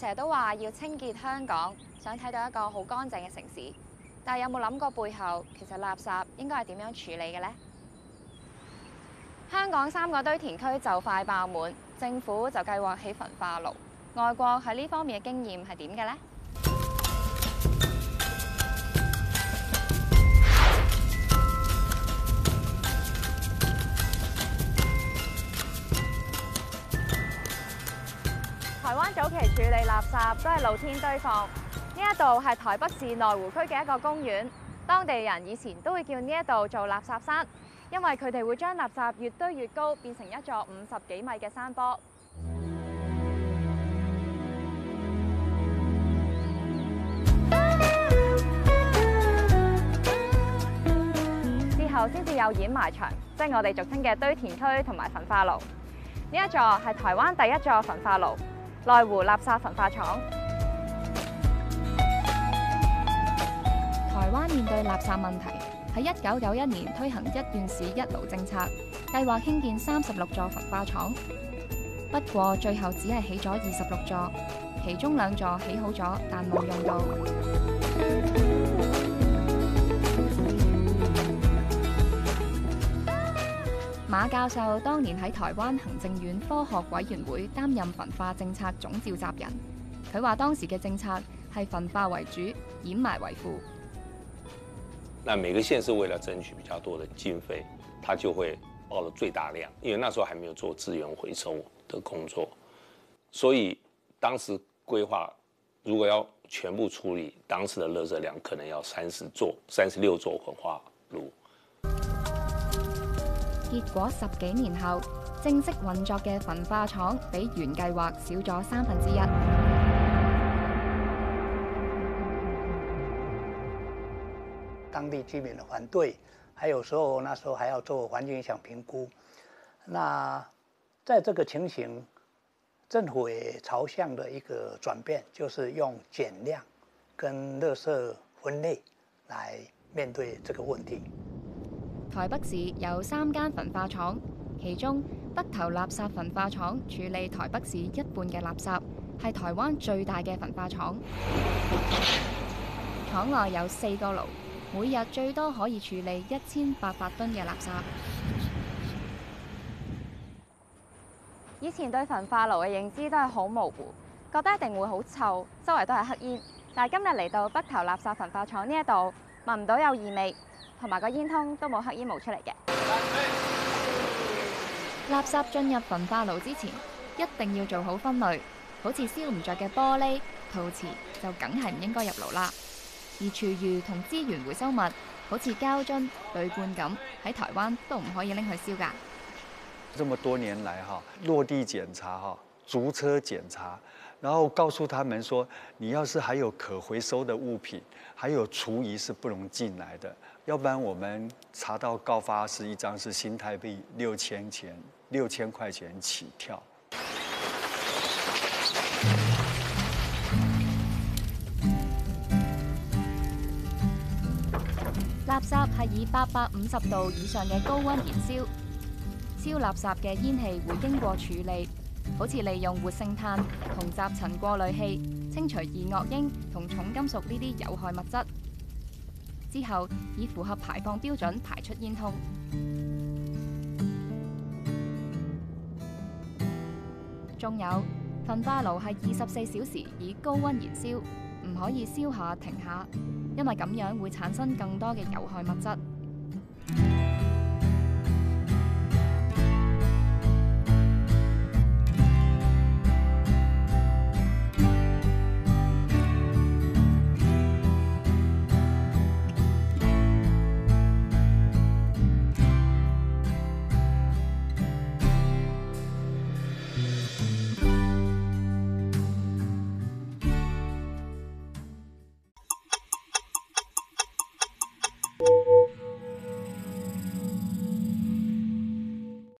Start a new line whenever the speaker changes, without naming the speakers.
成日都話要清潔香港，想睇到一個好乾淨嘅城市，但係有冇諗過背後其實垃圾應該係點樣處理嘅呢？香港三個堆填區就快爆滿，政府就計劃起焚化爐，外國喺呢方面嘅經驗係點嘅呢？台灣早期處理垃圾都係露天堆放。呢一度係台北市內湖區嘅一個公園，當地人以前都會叫呢一度做垃圾山，因為佢哋會將垃圾越堆越高，變成一座五十幾米嘅山坡。之 後先至有掩埋場，即係我哋俗稱嘅堆填區同埋焚化爐。呢一座係台灣第一座焚化爐。內湖垃圾焚化廠，台灣面對垃圾問題，喺一九九一年推行一縣市一爐政策，計劃興建三十六座焚化廠，不過最後只係起咗二十六座，其中兩座起好咗但冇用到。馬教授當年喺台灣行政院科學委員會擔任焚化政策總召集人，佢話當時嘅政策係焚化為主，掩埋為輔。那每個縣市為了爭取比較多的經費，他就會報了最大量，因為那時候還沒有做資源回收的工作，所以當時規劃如果要全部處理當時的垃圾量，可能要三十座、三十六座焚化爐。結果十幾年後，正式運作嘅焚化廠比原計劃少咗三分之一。當地居民的反對，還有時候那時候還要做環境影響評估。那在這個情形，政府也朝向的一個轉變，就是用減量跟垃圾分類來面對這個問題。台北市有三間焚化廠，其中北投垃圾焚化廠處理台北市一半嘅垃圾，係台灣最大嘅焚化廠。廠內有四個爐，每日最多可以處理一千八百噸嘅垃圾。以前對焚化爐嘅認知都係好模糊，覺得一定會好臭，周圍都係黑煙。但係今日嚟到北投垃圾焚化廠呢一度。聞唔到有異味，同埋個煙囪都冇黑煙冒出嚟嘅。垃圾進入焚化爐之前，一定要做好分類，好似燒唔着嘅玻璃、陶瓷就梗係唔應該入爐啦。而廚餘同資源回收物，好似膠樽、鋁罐咁，喺台灣都唔可以拎去燒㗎。這麼多年來，哈，落地檢查，哈，逐車檢查。然後告訴他們說，你要是還有可回收的物品，還有廚餘是不能進來的，要不然我們查到告發是一張是新台幣六千錢，六千塊錢起跳。垃圾係以八百五十度以上嘅高温燃燒，燒垃圾嘅煙氣會經過處理。好似利用活性炭同集塵過濾器清除二噁英同重金屬呢啲有害物質，之後以符合排放標準排出煙囪。仲有焚化爐係二十四小時以高溫燃燒，唔可以燒下停下，因為咁樣會產生更多嘅有害物質。